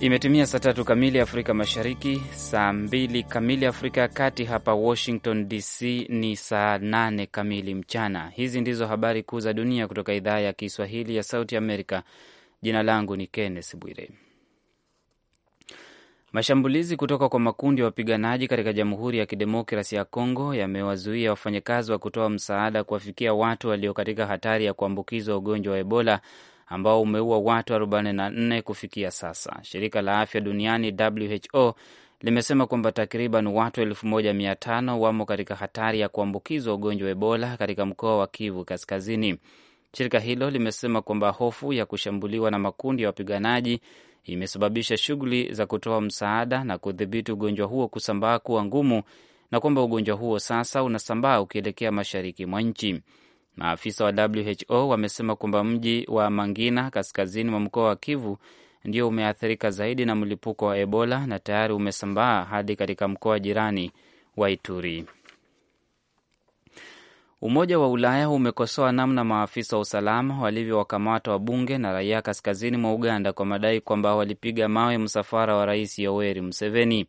Imetimia saa tatu kamili Afrika Mashariki, saa mbili kamili Afrika ya Kati. Hapa Washington DC ni saa nane kamili mchana. Hizi ndizo habari kuu za dunia kutoka idhaa ya Kiswahili ya Sauti Amerika. Jina langu ni Kenneth Bwire. Mashambulizi kutoka kwa makundi ya wapiganaji katika Jamhuri ya Kidemokrasi ya Kongo yamewazuia wafanyakazi wa kutoa msaada kuwafikia watu walio katika hatari ya kuambukizwa ugonjwa wa Ebola ambao umeua watu 44 kufikia sasa. Shirika la afya duniani WHO limesema kwamba takriban watu 1500 wamo katika hatari ya kuambukizwa ugonjwa wa Ebola katika mkoa wa Kivu Kaskazini. Shirika hilo limesema kwamba hofu ya kushambuliwa na makundi ya wapiganaji imesababisha shughuli za kutoa msaada na kudhibiti ugonjwa huo kusambaa kuwa ngumu na kwamba ugonjwa huo sasa unasambaa ukielekea mashariki mwa nchi. Maafisa wa WHO wamesema kwamba mji wa Mangina kaskazini mwa mkoa wa Kivu ndio umeathirika zaidi na mlipuko wa Ebola na tayari umesambaa hadi katika mkoa jirani wa Ituri. Umoja wa Ulaya umekosoa namna maafisa wa usalama walivyowakamata wabunge na raia kaskazini mwa Uganda kwa madai kwamba walipiga mawe msafara wa Rais Yoweri Museveni.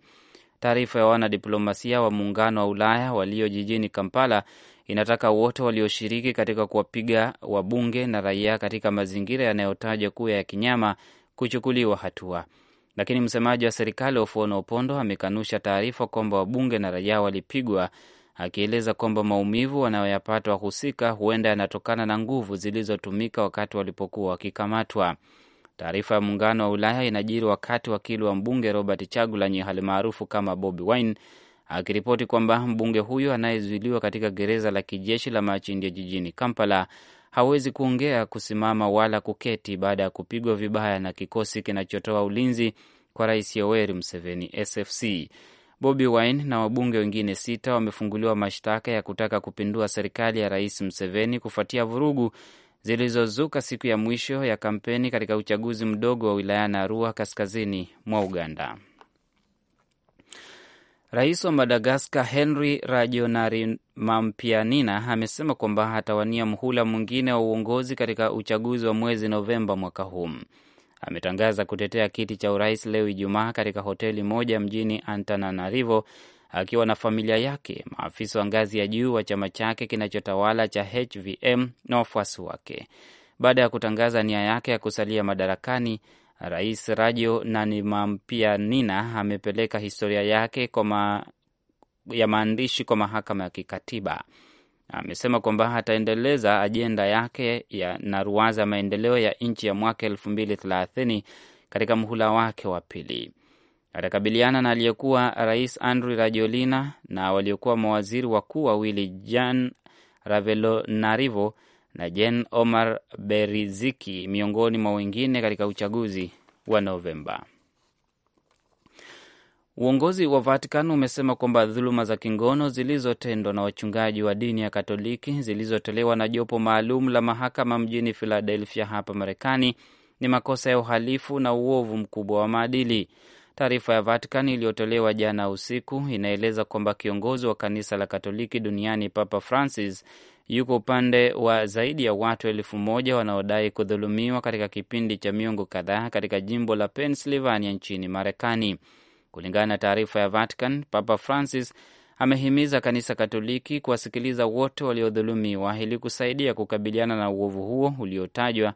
Taarifa ya wanadiplomasia wa Muungano wa Ulaya walio jijini Kampala inataka wote walioshiriki katika kuwapiga wabunge na raia katika mazingira yanayotaja kuwa ya kinyama kuchukuliwa hatua. Lakini msemaji wa serikali Ofuono Opondo amekanusha taarifa kwamba wabunge na raia walipigwa, akieleza kwamba maumivu wanayoyapata wahusika huenda yanatokana na nguvu zilizotumika wakati walipokuwa wakikamatwa. Taarifa ya muungano wa Ulaya inajiri wakati wakili wa mbunge Robert Chagulanyi hali maarufu kama Bobi Wine akiripoti kwamba mbunge huyo anayezuiliwa katika gereza la kijeshi la Machindia jijini Kampala hawezi kuongea, kusimama wala kuketi baada ya kupigwa vibaya na kikosi kinachotoa ulinzi kwa Rais Yoweri Museveni, SFC. Bobi Wine na wabunge wengine sita wamefunguliwa mashtaka ya kutaka kupindua serikali ya Rais Museveni kufuatia vurugu zilizozuka siku ya mwisho ya kampeni katika uchaguzi mdogo wa na Arua, kaskazini mwa Uganda. Rais wa Madagaskar Henry mampianina amesema kwamba atawania mhula mwingine wa uongozi katika uchaguzi wa mwezi Novemba mwaka huu. Ametangaza kutetea kiti cha urais leo Ijumaa katika hoteli moja mjini Antananarivo akiwa na familia yake, maafisa wa ngazi ya juu wa chama chake kinachotawala cha HVM na wafuasi wake. Baada ya kutangaza nia yake ya kusalia madarakani, Rais Rajo Nanimampianina amepeleka historia yake ma... ya maandishi kwa mahakama ya kikatiba. Amesema kwamba ataendeleza ajenda yake ya na ruwaza maendeleo ya nchi ya mwaka elfu mbili thelathini katika mhula wake wa pili. Atakabiliana na aliyekuwa rais Andry Rajoelina na waliokuwa mawaziri wakuu wawili Jan Ravelonarivo na Jen Omar Beriziki miongoni mwa wengine katika uchaguzi wa Novemba. Uongozi wa Vatican umesema kwamba dhuluma za kingono zilizotendwa na wachungaji wa dini ya Katoliki zilizotolewa na jopo maalum la mahakama mjini Philadelphia hapa Marekani ni makosa ya uhalifu na uovu mkubwa wa maadili. Taarifa ya Vatican iliyotolewa jana usiku inaeleza kwamba kiongozi wa kanisa la Katoliki duniani Papa Francis yuko upande wa zaidi ya watu elfu moja wanaodai kudhulumiwa katika kipindi cha miongo kadhaa katika jimbo la Pennsylvania nchini Marekani. Kulingana na taarifa ya Vatican, Papa Francis amehimiza kanisa Katoliki kuwasikiliza wote waliodhulumiwa ili kusaidia kukabiliana na uovu huo uliotajwa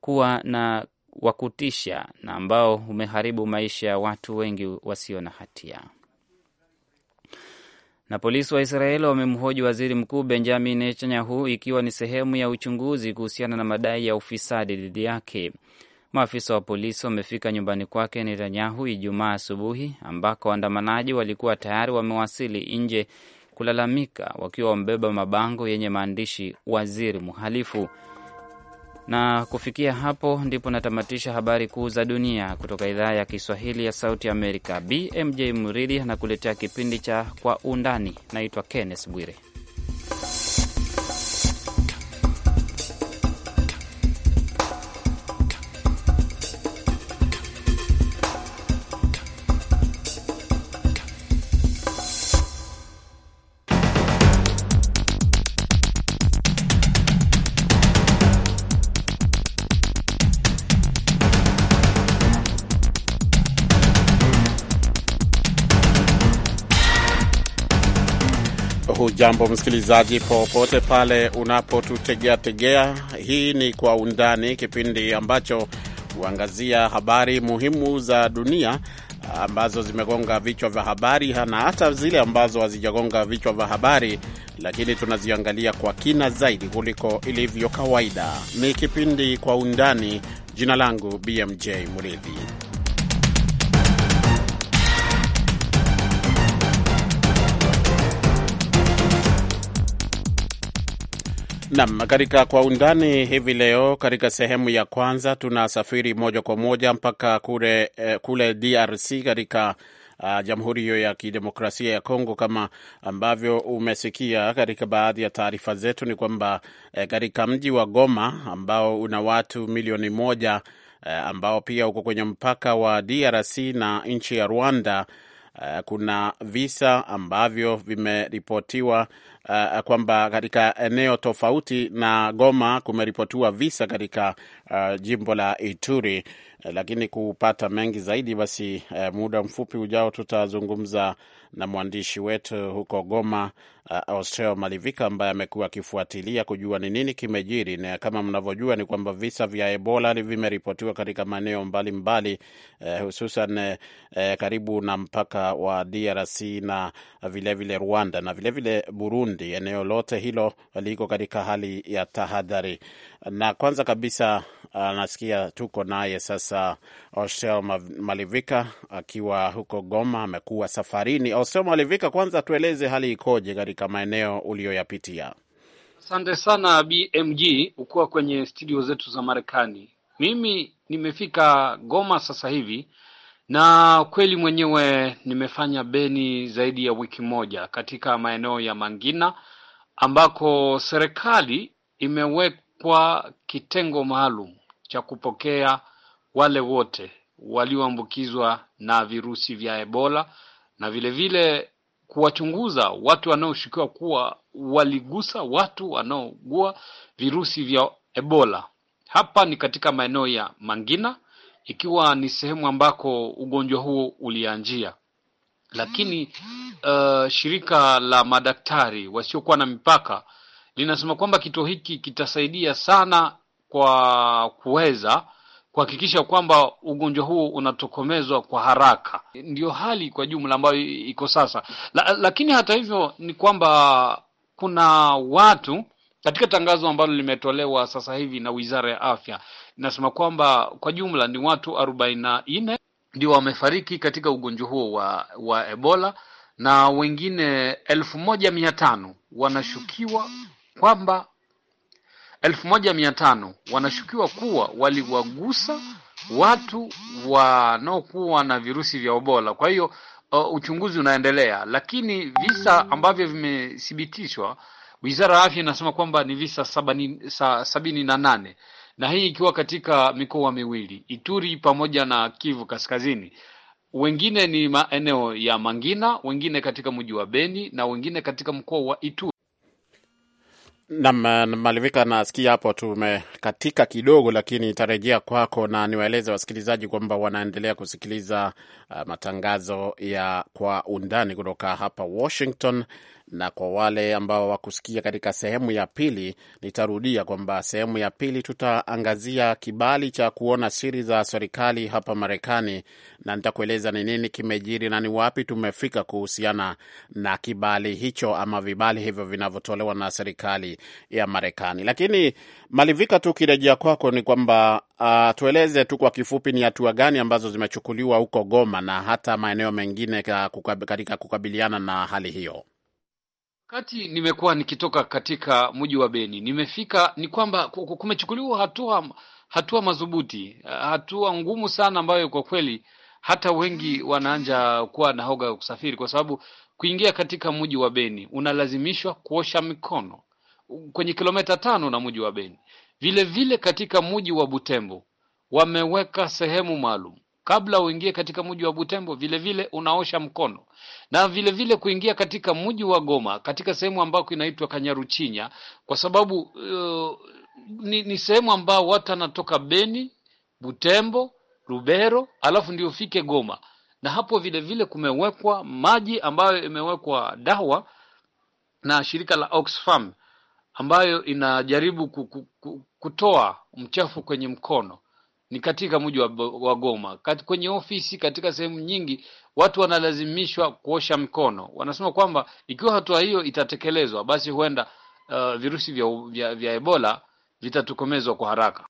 kuwa na wa kutisha na ambao umeharibu maisha ya watu wengi wasio na hatia na polisi wa Israeli wamemhoji waziri mkuu Benjamin Netanyahu ikiwa ni sehemu ya uchunguzi kuhusiana na madai ya ufisadi dhidi yake. Maafisa wa polisi wamefika nyumbani kwake Netanyahu Ijumaa asubuhi, ambako waandamanaji walikuwa tayari wamewasili nje kulalamika, wakiwa wamebeba mabango yenye maandishi waziri mhalifu na kufikia hapo ndipo natamatisha habari kuu za dunia kutoka idhaa ya Kiswahili ya Sauti Amerika. BMJ Muridhi anakuletea kipindi cha Kwa Undani. Naitwa Kenneth Bwire. Hujambo msikilizaji, popote pale unapotutegeategea. Hii ni Kwa Undani, kipindi ambacho huangazia habari muhimu za dunia ambazo zimegonga vichwa vya habari na hata zile ambazo hazijagonga vichwa vya habari, lakini tunaziangalia kwa kina zaidi kuliko ilivyo kawaida. Ni kipindi Kwa Undani. Jina langu BMJ mridhi Nam, katika kwa undani hivi leo, katika sehemu ya kwanza tunasafiri moja kwa moja mpaka kule, eh, kule DRC katika Uh, jamhuri hiyo ya kidemokrasia ya Kongo. Kama ambavyo umesikia katika baadhi ya taarifa zetu, ni kwamba eh, katika mji wa Goma ambao una watu milioni moja eh, ambao pia uko kwenye mpaka wa DRC na nchi ya Rwanda eh, kuna visa ambavyo vimeripotiwa uh, kwamba katika eneo tofauti na Goma kumeripotiwa visa katika uh, jimbo la Ituri eh, lakini kupata mengi zaidi, basi uh, muda mfupi ujao tutazungumza na mwandishi wetu huko Goma uh, Austeo Malivika ambaye amekuwa akifuatilia kujua ni nini kimejiri, na kama mnavyojua ni kwamba visa vya Ebola vimeripotiwa katika maeneo mbalimbali uh, hususan uh, karibu na mpaka wa DRC na vilevile vile Rwanda na vilevile vile Burundi Burundi, eneo lote hilo liko katika hali ya tahadhari. Na kwanza kabisa anasikia ah, tuko naye sasa Ostel Malivika akiwa huko Goma, amekuwa safarini. Ostel Malivika, kwanza tueleze hali ikoje katika maeneo uliyoyapitia? Asante sana BMG, ukuwa kwenye studio zetu za Marekani. Mimi nimefika Goma sasa hivi na kweli mwenyewe nimefanya beni zaidi ya wiki moja katika maeneo ya Mangina ambako serikali imewekwa kitengo maalum cha kupokea wale wote walioambukizwa na virusi vya Ebola na vilevile kuwachunguza watu wanaoshukiwa kuwa waligusa watu wanaogua virusi vya Ebola. Hapa ni katika maeneo ya Mangina ikiwa ni sehemu ambako ugonjwa huo ulianjia. Lakini uh, shirika la madaktari wasiokuwa na mipaka linasema kwamba kituo hiki kitasaidia sana kwa kuweza kuhakikisha kwamba ugonjwa huo unatokomezwa kwa haraka. Ndiyo hali kwa jumla ambayo iko sasa la, lakini hata hivyo ni kwamba kuna watu katika tangazo ambalo limetolewa sasa hivi na Wizara ya Afya inasema kwamba kwa jumla ni watu arobaini na nne ndio wamefariki katika ugonjwa huo wa, wa Ebola na wengine elfu moja mia tano wanashukiwa kwamba elfu moja mia tano wanashukiwa kuwa waliwagusa watu wanaokuwa na virusi vya Ebola. Kwa hiyo uh, uchunguzi unaendelea, lakini visa ambavyo vimethibitishwa Wizara ya Afya inasema kwamba ni visa sabani, sa, sabini na nane na hii ikiwa katika mikoa miwili Ituri pamoja na Kivu Kaskazini. Wengine ni maeneo ya Mangina, wengine katika mji wa Beni na wengine katika mkoa wa Ituri. Nam Malivika, nasikia hapo tumekatika kidogo, lakini itarejea kwako, na niwaeleze wasikilizaji kwamba wanaendelea kusikiliza uh, matangazo ya Kwa Undani kutoka hapa Washington, na kwa wale ambao wakusikia katika sehemu ya pili, nitarudia kwamba sehemu ya pili tutaangazia kibali cha kuona siri za serikali hapa Marekani, na nitakueleza ni nini kimejiri na ni wapi tumefika kuhusiana na kibali hicho ama vibali hivyo vinavyotolewa na serikali ya Marekani. Lakini Malivika, tukirejea kwako ni kwamba uh, tueleze tu kwa kifupi ni hatua gani ambazo zimechukuliwa huko Goma na hata maeneo mengine katika kukabiliana na hali hiyo. Wakati nimekuwa nikitoka katika mji wa Beni, nimefika ni kwamba kumechukuliwa hatua hatua madhubuti, hatua ngumu sana, ambayo kwa kweli hata wengi wanaanja kuwa na hoga ya kusafiri, kwa sababu kuingia katika mji wa Beni unalazimishwa kuosha mikono kwenye kilomita tano na mji wa Beni. Vilevile vile katika mji wa Butembo wameweka sehemu maalum kabla uingie katika mji wa Butembo vile vile unaosha mkono, na vile vile kuingia katika mji wa Goma katika sehemu ambako inaitwa Kanyaruchinya, kwa sababu uh, ni, ni sehemu ambao watu anatoka Beni, Butembo, rubero alafu ndio ufike Goma, na hapo vile vile kumewekwa maji ambayo imewekwa dawa na shirika la Oxfam ambayo inajaribu kutoa mchafu kwenye mkono ni katika mji wa, wa Goma kwenye ofisi, katika sehemu nyingi watu wanalazimishwa kuosha mkono. Wanasema kwamba ikiwa hatua hiyo itatekelezwa, basi huenda uh, virusi vya, vya, vya Ebola vitatokomezwa kwa haraka.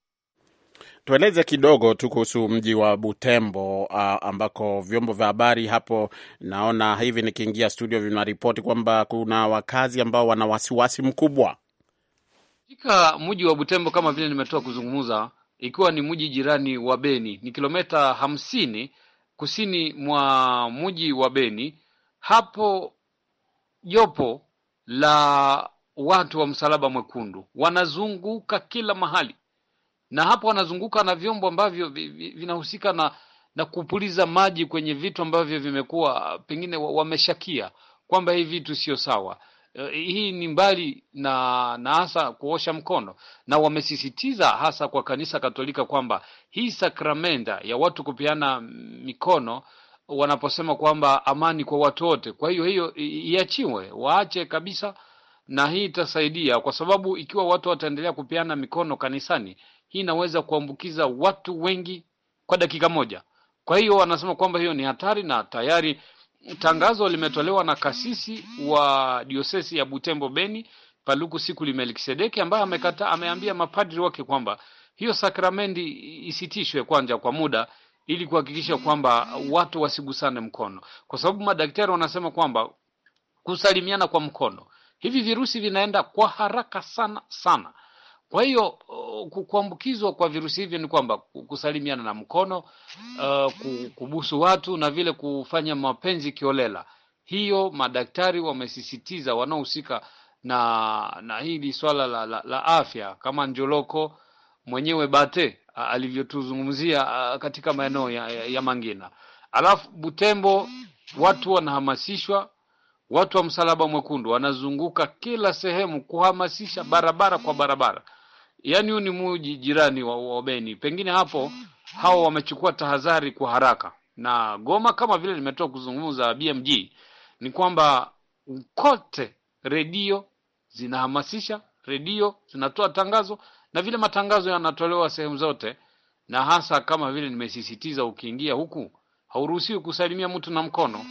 Tueleze kidogo tu kuhusu mji wa Butembo uh, ambako vyombo vya habari hapo, naona hivi nikiingia studio, vinaripoti kwamba kuna wakazi ambao wana wasiwasi mkubwa katika mji wa Butembo. Kama vile nimetoa kuzungumza, ikiwa ni mji jirani wa Beni, ni kilomita hamsini kusini mwa mji wa Beni. Hapo jopo la watu wa Msalaba Mwekundu wanazunguka kila mahali, na hapo wanazunguka na vyombo ambavyo vinahusika na na kupuliza maji kwenye vitu ambavyo vimekuwa pengine wameshakia kwamba hii vitu sio sawa. Uh, hii ni mbali na, na hasa kuosha mkono, na wamesisitiza hasa kwa kanisa Katolika kwamba hii sakramenta ya watu kupeana mikono wanaposema kwamba amani kwa watu wote. Kwa hiyo hiyo iachiwe, waache kabisa, na hii itasaidia kwa sababu ikiwa watu wataendelea kupeana mikono kanisani, hii inaweza kuambukiza watu wengi kwa dakika moja. Kwa hiyo wanasema kwamba hiyo ni hatari na tayari Tangazo limetolewa na kasisi wa diosesi ya Butembo Beni Paluku Sikuli Melkisedeki ambaye amekataa, ameambia mapadri wake kwamba hiyo sakramenti isitishwe kwanja kwa muda ili kuhakikisha kwamba watu wasigusane mkono, kwa sababu madaktari wanasema kwamba kusalimiana kwa mkono hivi virusi vinaenda kwa haraka sana sana, kwa hiyo uh, kuambukizwa kwa virusi hivyo ni kwamba kusalimiana na mkono, uh, kubusu watu na vile kufanya mapenzi kiolela. Hiyo madaktari wamesisitiza, wanaohusika na na hili swala la, la, la afya kama Njoloko mwenyewe Bate alivyotuzungumzia katika maeneo ya, ya Mangina. Alafu Butembo watu wanahamasishwa, watu wa Msalaba Mwekundu wanazunguka kila sehemu kuhamasisha barabara kwa barabara yani huu ni muji jirani wa, wa Beni. Pengine hapo hao wamechukua tahadhari kwa haraka, na Goma kama vile nimetoka kuzungumza BMG, ni kwamba kote redio zinahamasisha, redio zinatoa tangazo na vile matangazo yanatolewa sehemu zote, na hasa kama vile nimesisitiza, ukiingia huku hauruhusiwi kusalimia mtu na mkono.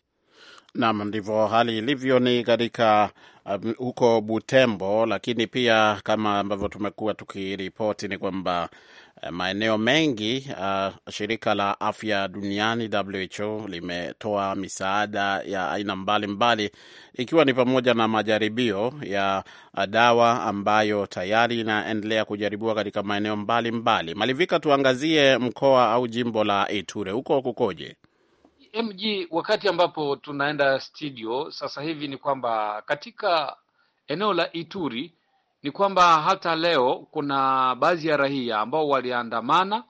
Nam, ndivyo hali ilivyo ni katika um, huko Butembo, lakini pia kama ambavyo tumekuwa tukiripoti ni kwamba eh, maeneo mengi uh, shirika la afya duniani WHO limetoa misaada ya aina mbalimbali ikiwa ni pamoja na majaribio ya dawa ambayo tayari inaendelea kujaribiwa katika maeneo mbalimbali. Malivika, tuangazie mkoa au jimbo la Ituri, huko kukoje? MG, wakati ambapo tunaenda studio sasa hivi ni kwamba katika eneo la Ituri ni kwamba hata leo kuna baadhi ya raia ambao waliandamana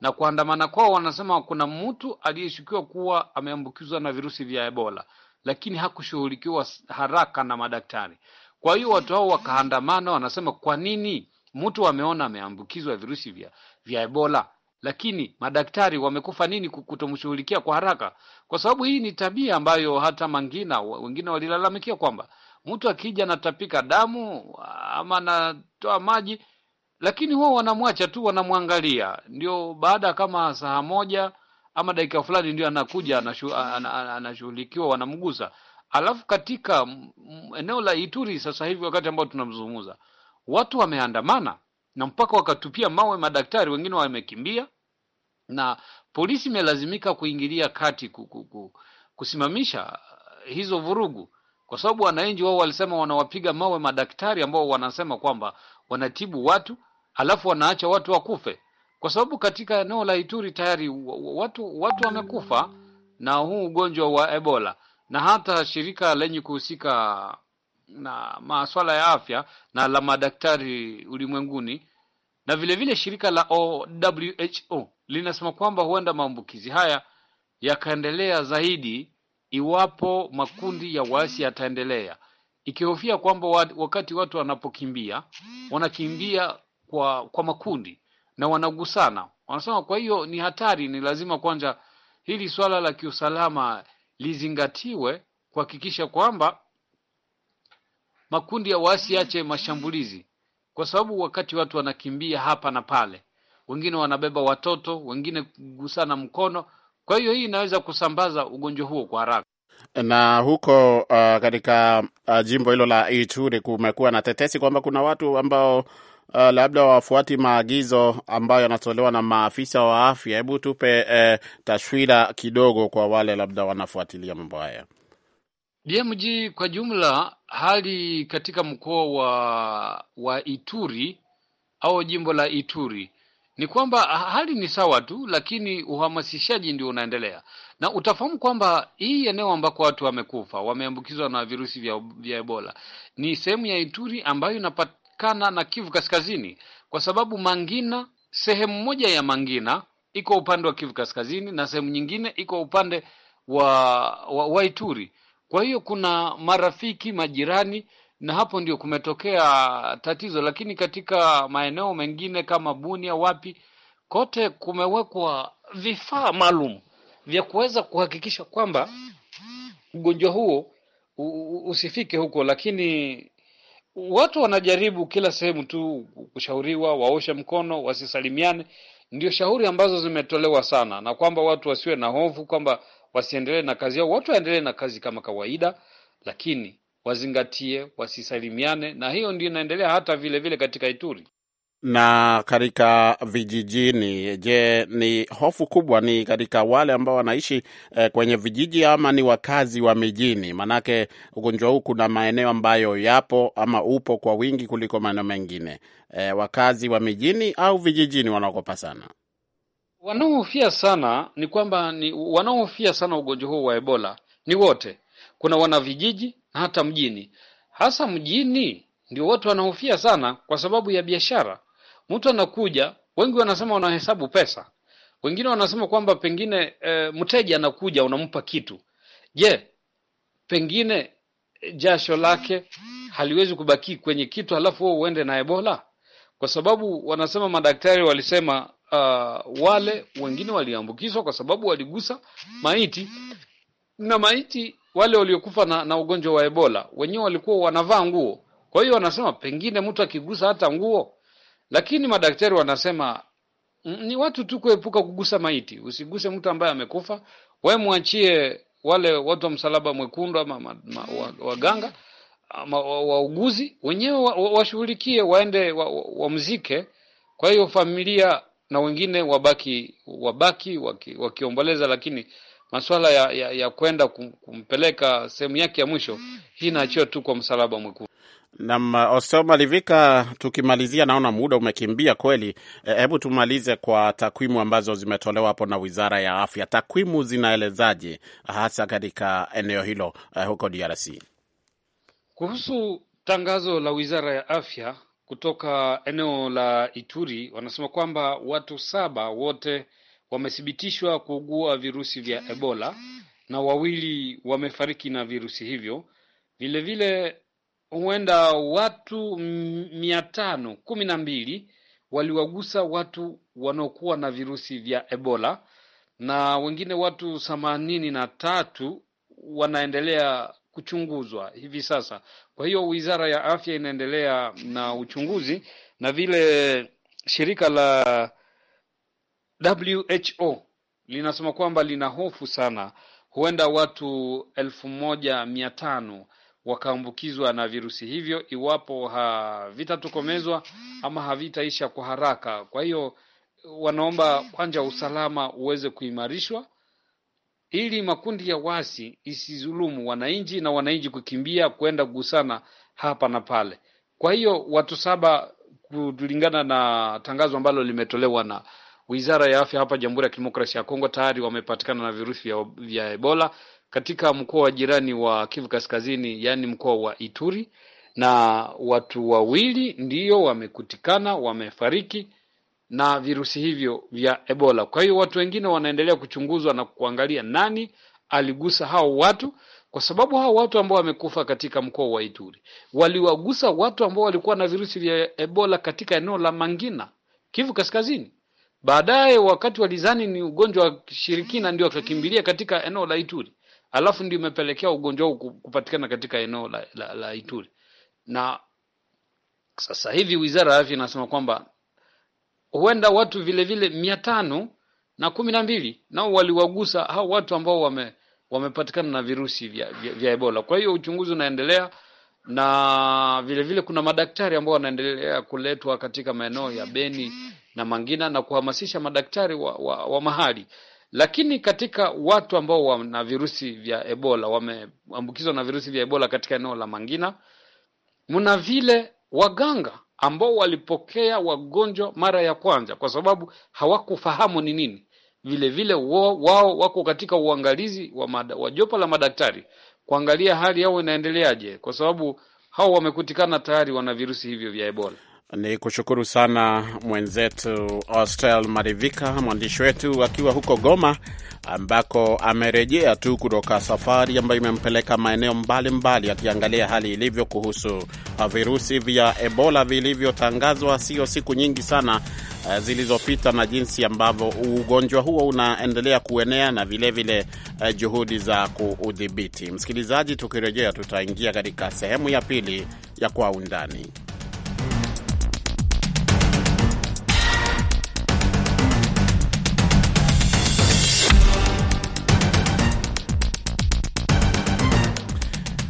na kuandamana kwao, wanasema kuna mtu aliyeshukiwa kuwa ameambukizwa na virusi vya Ebola, lakini hakushughulikiwa haraka na madaktari. Kwa hiyo watu hao wakaandamana, wanasema kwa nini mtu ameona ameambukizwa virusi vya, vya Ebola lakini madaktari wamekufa nini kutomshughulikia kwa haraka? Kwa sababu hii ni tabia ambayo hata Mangina wengine walilalamikia kwamba mtu akija anatapika damu ama anatoa maji, lakini wao wanamwacha tu, wanamwangalia, ndio baada kama saa moja ama dakika fulani ndio anakuja anashughulikiwa, wanamgusa. Alafu katika eneo la Ituri sasa hivi wakati ambao tunamzungumza, watu wameandamana na mpaka wakatupia mawe madaktari, wengine wamekimbia, na polisi imelazimika kuingilia kati kusimamisha eh, hizo vurugu, kwa sababu wananchi wao walisema wanawapiga mawe madaktari ambao wanasema kwamba wanatibu watu alafu wanaacha watu wakufe, kwa sababu katika eneo la Ituri tayari watu watu wamekufa na huu ugonjwa wa Ebola, na hata shirika lenye kuhusika na masuala ya afya na la madaktari ulimwenguni na vilevile vile shirika la WHO linasema kwamba huenda maambukizi haya yakaendelea zaidi iwapo makundi ya waasi yataendelea, ikihofia kwamba wakati watu wanapokimbia wanakimbia kwa, kwa makundi na wanagusana. Wanasema kwa hiyo ni hatari, ni lazima kwanza hili swala la kiusalama lizingatiwe kuhakikisha kwamba makundi ya waasi yache mashambulizi, kwa sababu wakati watu wanakimbia hapa na pale, wengine wanabeba watoto, wengine kugusana mkono. Kwa hiyo hii inaweza kusambaza ugonjwa huo kwa haraka na huko uh, katika uh, jimbo hilo la Ituri kumekuwa na tetesi kwamba kuna watu ambao uh, labda wafuati maagizo ambayo yanatolewa na maafisa wa afya. Hebu tupe uh, taswira kidogo kwa wale labda wanafuatilia mambo haya. DMG kwa jumla, hali katika mkoa wa wa Ituri au jimbo la Ituri ni kwamba hali ni sawa tu, lakini uhamasishaji ndio unaendelea, na utafahamu kwamba hii eneo ambako watu wamekufa wameambukizwa na virusi vya, vya Ebola ni sehemu ya Ituri ambayo inapatikana na Kivu Kaskazini, kwa sababu Mangina, sehemu moja ya Mangina iko upande wa Kivu Kaskazini na sehemu nyingine iko upande wa, wa, wa Ituri. Kwa hiyo kuna marafiki, majirani, na hapo ndio kumetokea tatizo. Lakini katika maeneo mengine kama Bunia, wapi kote, kumewekwa vifaa maalum vya kuweza kuhakikisha kwamba ugonjwa huo usifike huko, lakini watu wanajaribu kila sehemu tu kushauriwa waoshe mkono, wasisalimiane. Ndio shauri ambazo zimetolewa sana, na kwamba watu wasiwe na hofu kwamba wasiendelee na kazi yao, watu waendelee na kazi kama kawaida, lakini wazingatie, wasisalimiane, na hiyo ndio inaendelea hata vile vile katika Ituri na katika vijijini. Je, ni hofu kubwa ni katika wale ambao wanaishi eh, kwenye vijiji ama ni wakazi wa mijini? Maanake ugonjwa huu kuna maeneo ambayo yapo ama upo kwa wingi kuliko maeneo mengine. Eh, wakazi wa mijini au vijijini wanaogopa sana? Wanaohofia sana ni kwamba ni wanaohofia sana ugonjwa huu wa Ebola ni wote, kuna wanavijiji na hata mjini, hasa mjini ndio watu wanahofia sana kwa sababu ya biashara. Mtu anakuja, wengi wanasema wanahesabu pesa, wengine wanasema kwamba pengine e, mteja anakuja unampa kitu. Je, pengine eh, jasho lake haliwezi kubaki kwenye kitu, halafu wewe uende na Ebola? Kwa sababu wanasema, madaktari walisema uh, wale wengine waliambukizwa kwa sababu waligusa maiti na maiti wale waliokufa na, na ugonjwa wa Ebola wenyewe walikuwa wanavaa nguo. Kwa hiyo wanasema pengine mtu akigusa hata nguo, lakini madaktari wanasema mm, ni watu tu kuepuka kugusa maiti. Usiguse mtu ambaye amekufa, we mwachie wale watu wa Msalaba Mwekundu ama waganga ama wauguzi wenyewe washughulikie, waende wamzike. Kwa hiyo familia na wengine wabaki wabaki waki, wakiomboleza, lakini masuala ya, ya, ya kwenda kumpeleka sehemu yake ya mwisho hii inaachiwa tu kwa msalaba mwekundu. Nam Ostel Malivika, tukimalizia, naona muda umekimbia kweli. E, hebu e, tumalize kwa takwimu ambazo zimetolewa hapo na wizara ya afya. Takwimu zinaelezaje hasa katika eneo hilo, uh, huko DRC kuhusu tangazo la wizara ya afya kutoka eneo la Ituri wanasema kwamba watu saba wote wamethibitishwa kuugua virusi vya Ebola na wawili wamefariki na virusi hivyo. Vilevile huenda watu mia tano kumi na mbili waliwagusa watu wanaokuwa na virusi vya Ebola na wengine watu themanini na tatu wanaendelea kuchunguzwa hivi sasa. Kwa hiyo Wizara ya Afya inaendelea na uchunguzi na vile shirika la WHO linasema kwamba lina hofu sana, huenda watu elfu moja mia tano wakaambukizwa na virusi hivyo iwapo havitatokomezwa ama havitaisha kwa haraka. Kwa hiyo wanaomba kwanza usalama uweze kuimarishwa ili makundi ya wasi isizulumu wananchi na wananchi kukimbia kwenda kugusana hapa na pale. Kwa hiyo watu saba, kulingana na tangazo ambalo limetolewa na Wizara ya Afya hapa Jamhuri ya Kidemokrasia ya Kongo, tayari wamepatikana na virusi vya, vya Ebola katika mkoa wa jirani wa Kivu Kaskazini, yaani mkoa wa Ituri, na watu wawili ndiyo wamekutikana wamefariki na virusi hivyo vya Ebola. Kwa hiyo watu wengine wanaendelea kuchunguzwa na kuangalia nani aligusa hao watu, kwa sababu hao watu ambao wamekufa katika mkoa wa Ituri waliwagusa watu ambao walikuwa na virusi vya Ebola katika eneo la Mangina, Kivu Kaskazini. Baadaye wakati walizani ni ugonjwa wa shirikina, ndio wakakimbilia katika eneo la Ituri, alafu ndio imepelekea ugonjwa huu kupatikana katika eneo la, la, la Ituri. Na sasa hivi wizara ya afya inasema kwamba huenda watu vile vile mia tano na kumi na mbili nao waliwagusa hao watu ambao wame, wamepatikana na virusi vya, vya, vya Ebola. Kwa hiyo uchunguzi unaendelea na vilevile vile kuna madaktari ambao wanaendelea kuletwa katika maeneo ya Beni na Mangina na kuhamasisha madaktari wa, wa, wa mahali. Lakini katika watu ambao wana virusi vya Ebola wameambukizwa na virusi vya Ebola katika eneo la Mangina, mna vile waganga ambao walipokea wagonjwa mara ya kwanza, kwa sababu hawakufahamu ni nini. Vilevile wao, wao wako katika uangalizi wa, mada, wa jopo la madaktari kuangalia hali yao inaendeleaje, kwa sababu hao wamekutikana tayari wana virusi hivyo vya Ebola. Ni kushukuru sana mwenzetu Austel Marivika, mwandishi wetu akiwa huko Goma, ambako amerejea tu kutoka safari ambayo imempeleka maeneo mbalimbali, akiangalia hali ilivyo kuhusu virusi vya Ebola vilivyotangazwa sio siku nyingi sana eh, zilizopita na jinsi ambavyo ugonjwa huo unaendelea kuenea na vilevile vile eh, juhudi za kuudhibiti. Msikilizaji, tukirejea tutaingia katika sehemu ya pili ya Kwa Undani.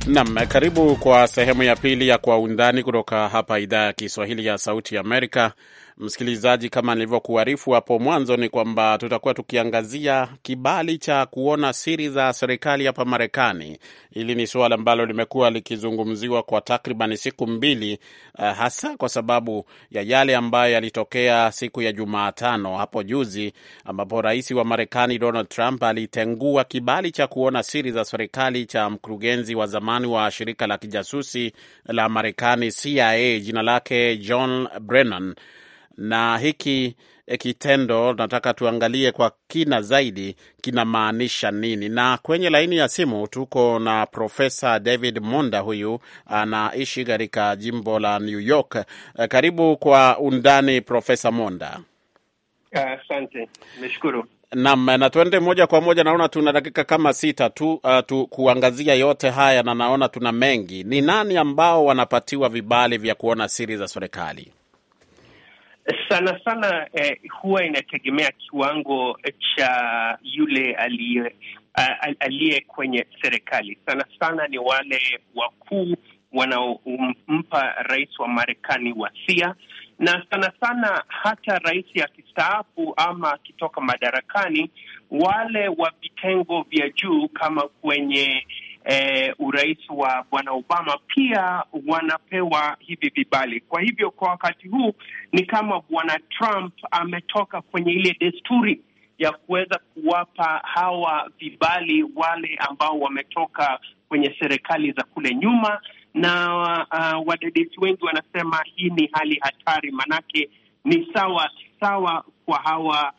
Nam, karibu kwa sehemu ya pili ya Kwa Undani kutoka hapa idhaa ya Kiswahili ya Sauti ya Amerika, Msikilizaji, kama nilivyokuarifu hapo mwanzo, ni kwamba tutakuwa tukiangazia kibali cha kuona siri za serikali hapa Marekani. Hili ni suala ambalo limekuwa likizungumziwa kwa takriban siku mbili, uh, hasa kwa sababu ya yale ambayo yalitokea siku ya Jumatano hapo juzi, ambapo rais wa Marekani Donald Trump alitengua kibali cha kuona siri za serikali cha mkurugenzi wa zamani wa shirika la kijasusi la Marekani CIA, jina lake John Brennan na hiki eh, kitendo nataka tuangalie kwa kina zaidi kinamaanisha nini. Na kwenye laini ya simu tuko na Profesa David Monda, huyu anaishi katika jimbo la New York. Eh, karibu kwa undani, Profesa Monda. Ah, asante uh, nimeshukuru. Naam, eh, na tuende moja kwa moja, naona tuna dakika kama sita tu, uh, tu kuangazia yote haya, na naona tuna mengi. Ni nani ambao wanapatiwa vibali vya kuona siri za serikali? sana sana eh, huwa inategemea kiwango cha yule aliye kwenye serikali. Sana sana ni wale wakuu wanaompa rais wa Marekani wasia, na sana sana hata rais akistaafu ama akitoka madarakani, wale wa vitengo vya juu kama kwenye eh, urais wa bwana Obama pia wanapewa hivi vibali. Kwa hivyo kwa wakati huu ni kama bwana Trump ametoka kwenye ile desturi ya kuweza kuwapa hawa vibali wale ambao wametoka kwenye serikali za kule nyuma, na uh, wadadisi wengi wanasema hii ni hali hatari, manake ni sawa sawa kwa hawa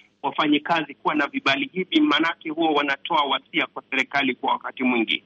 kazi kuwa na vibali hivi, maanake huwa wanatoa wasia kwa serikali kwa wakati mwingi.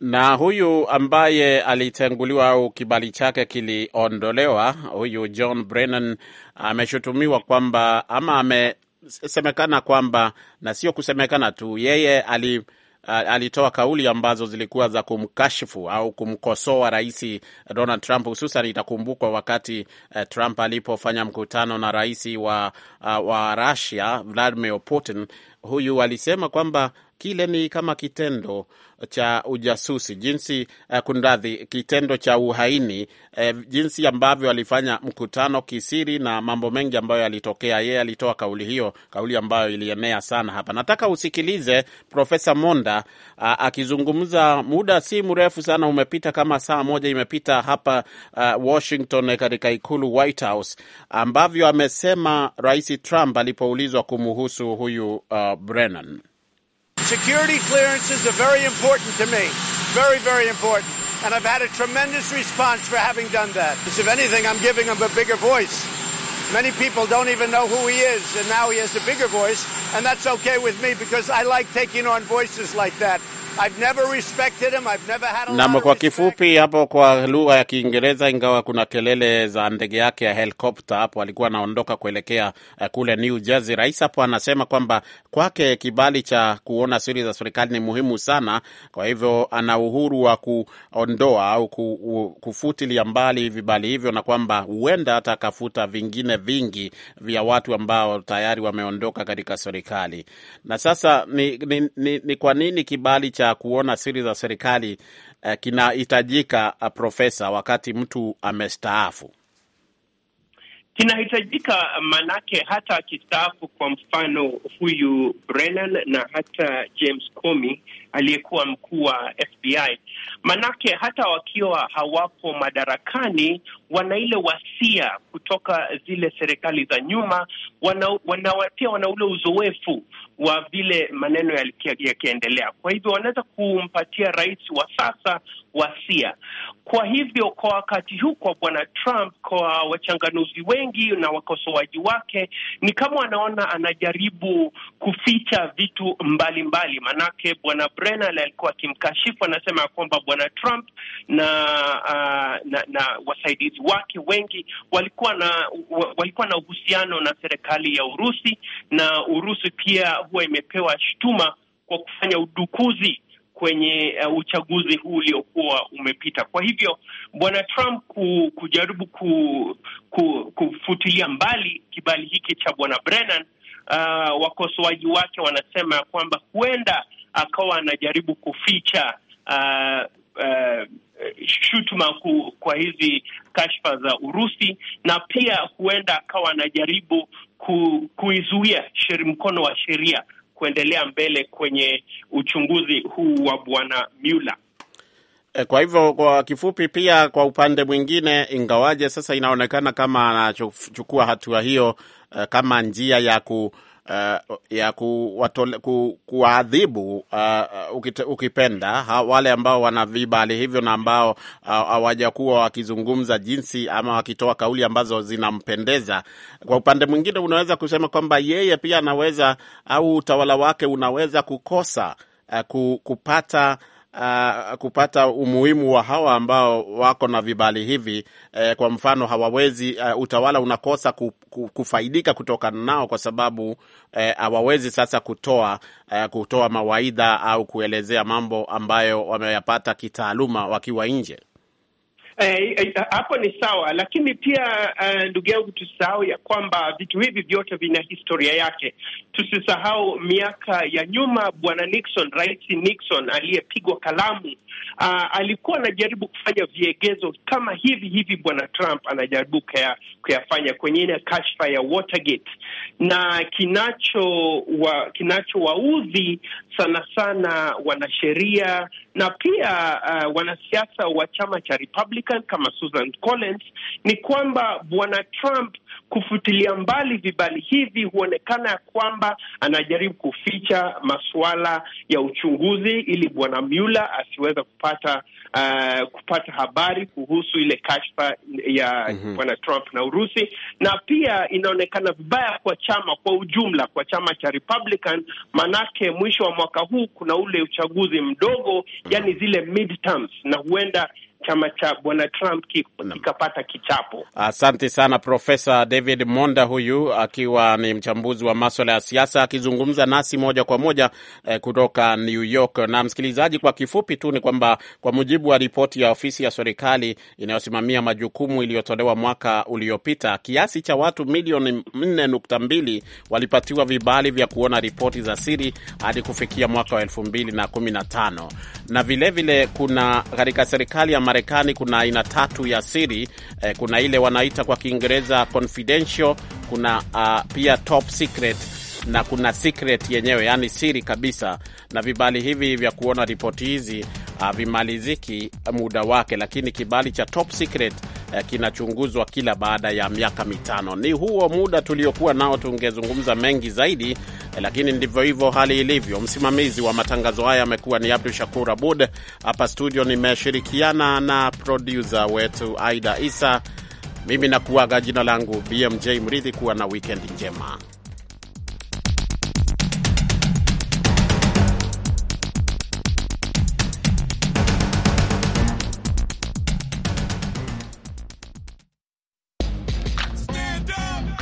Na huyu ambaye alitenguliwa au kibali chake kiliondolewa, huyu John Brennan ameshutumiwa kwamba ama amesemekana kwamba, na sio kusemekana tu, yeye ali alitoa kauli ambazo zilikuwa za kumkashifu au kumkosoa rais Donald Trump. Hususan itakumbukwa wakati uh, Trump alipofanya mkutano na rais wa, uh, wa Russia Vladimir Putin. Huyu alisema kwamba kile ni kama kitendo cha ujasusi jinsi uh, kundadhi kitendo cha uhaini eh, jinsi ambavyo alifanya mkutano kisiri na mambo mengi ambayo yalitokea. Yeye alitoa kauli hiyo, kauli ambayo ilienea sana hapa. Nataka usikilize Profesa Monda uh, akizungumza. Muda si mrefu sana umepita, kama saa moja imepita hapa uh, Washington, katika ikulu White House, ambavyo amesema Rais Trump alipoulizwa kumuhusu huyu uh, Brennan security clearances are very important to me. Very, very important. And I've had a tremendous response for having done that. Because if anything, I'm giving him a bigger voice. Many people don't even know who he is, and now he has a bigger voice, and that's okay with me because I like taking on voices like that. Nam, kwa kifupi hapo kwa lugha ya Kiingereza, ingawa kuna kelele za ndege yake ya helikopta hapo, alikuwa anaondoka kuelekea eh, kule New Jersey. Rais hapo anasema kwamba kwake kibali cha kuona siri za serikali ni muhimu sana, kwa hivyo ana uhuru wa kuondoa au kufutilia mbali vibali hivyo, na kwamba huenda hata akafuta vingine vingi vya watu ambao tayari wameondoka katika serikali. Na sasa ni, ni, ni, ni kwa nini kibali cha cha kuona siri za serikali uh, kinahitajika uh, profesa, wakati mtu amestaafu? Kinahitajika manake, hata akistaafu, kwa mfano huyu Brennan na hata James Comey aliyekuwa mkuu wa FBI, manake hata wakiwa hawapo madarakani, wana ile wasia kutoka zile serikali za nyuma, wana, wana, pia wana ule uzoefu wa vile maneno yakiendelea. Kwa hivyo wanaweza kumpatia rais wa sasa wasia. Kwa hivyo kwa wakati huu, kwa bwana Trump, kwa wachanganuzi wengi na wakosoaji wake, ni kama wanaona anajaribu kuficha vitu mbalimbali mbali. Manake bwana Brennan alikuwa akimkashifu, anasema ya kwamba bwana Trump na, uh, na na wasaidizi wake wengi walikuwa na walikuwa na uhusiano na serikali ya Urusi na Urusi pia huwa imepewa shtuma kwa kufanya udukuzi kwenye uh, uchaguzi huu uliokuwa umepita. Kwa hivyo bwana Trump ku, kujaribu ku, ku, kufutilia mbali kibali hiki cha bwana Brennan, uh, wakosoaji wake wanasema kwamba huenda akawa anajaribu kuficha uh, uh, shutuma ku, kwa hizi kashfa za Urusi na pia huenda akawa anajaribu ku, kuizuia mkono wa sheria kuendelea mbele kwenye uchunguzi huu wa bwana Mueller. E, kwa hivyo kwa kifupi, pia kwa upande mwingine, ingawaje sasa inaonekana kama anachukua hatua hiyo e, kama njia ya ku uh, ya kuwaadhibu uh, uh ukipenda ha, wale ambao wana vibali hivyo na ambao uh, hawajakuwa uh, wakizungumza jinsi ama wakitoa kauli ambazo zinampendeza. Kwa upande mwingine, unaweza kusema kwamba yeye pia anaweza au utawala wake unaweza kukosa uh, kupata uh, kupata umuhimu wa hawa ambao wako na vibali hivi eh, kwa mfano hawawezi uh, utawala unakosa ku, ku, kufaidika kutokana nao kwa sababu eh, hawawezi sasa kutoa uh, kutoa mawaidha au kuelezea mambo ambayo wameyapata kitaaluma wakiwa nje. Eh, eh, eh, hapo eh, ni sawa, lakini pia ndugu yangu, tusisahau ya kwamba vitu hivi vyote vina historia yake. Tusisahau miaka ya nyuma, bwana Nixon, rais Nixon aliyepigwa kalamu uh, alikuwa anajaribu kufanya viegezo kama hivi hivi bwana Trump anajaribu kuyafanya kwenye ile kashfa ya Watergate, na kinachowaudhi kinachowaudhi sana sana wanasheria na pia uh, wanasiasa wa chama cha Republican kama Susan Collins ni kwamba bwana Trump kufutilia mbali vibali hivi huonekana ya kwamba anajaribu kuficha masuala ya uchunguzi ili bwana Mueller asiweza kupata uh, kupata habari kuhusu ile kashfa ya mm -hmm. Bwana Trump na Urusi, na pia inaonekana vibaya kwa chama kwa ujumla, kwa chama cha Republican, manake mwisho wa mwaka huu kuna ule uchaguzi mdogo, mhm. yani zile midterms, na huenda chama cha bwana Trump kikapata kichapo. Asante sana Profesa David Monda, huyu akiwa ni mchambuzi wa maswala ya siasa akizungumza nasi moja kwa moja eh, kutoka New York. Na msikilizaji, kwa kifupi tu ni kwamba kwa mujibu wa ripoti ya ofisi ya serikali inayosimamia majukumu iliyotolewa mwaka uliopita, kiasi cha watu milioni 4.2 walipatiwa vibali vya kuona ripoti za siri hadi kufikia mwaka wa elfu na vilevile vile, vilevile kuna katika serikali ya Marekani kuna aina tatu ya siri eh, kuna ile wanaita kwa Kiingereza confidential, kuna uh, pia top secret na kuna secret yenyewe, yani siri kabisa. Na vibali hivi vya kuona ripoti hizi havimaliziki ah, muda wake, lakini kibali cha top secret Eh, kinachunguzwa kila baada ya miaka mitano. Ni huo muda tuliokuwa nao, tungezungumza mengi zaidi, eh, lakini ndivyo hivyo hali ilivyo. Msimamizi wa matangazo haya amekuwa ni Abdu Shakur Abud. Hapa studio nimeshirikiana na produsa wetu Aida Isa. Mimi nakuaga, jina langu BMJ Mridhi. Kuwa na wikendi njema.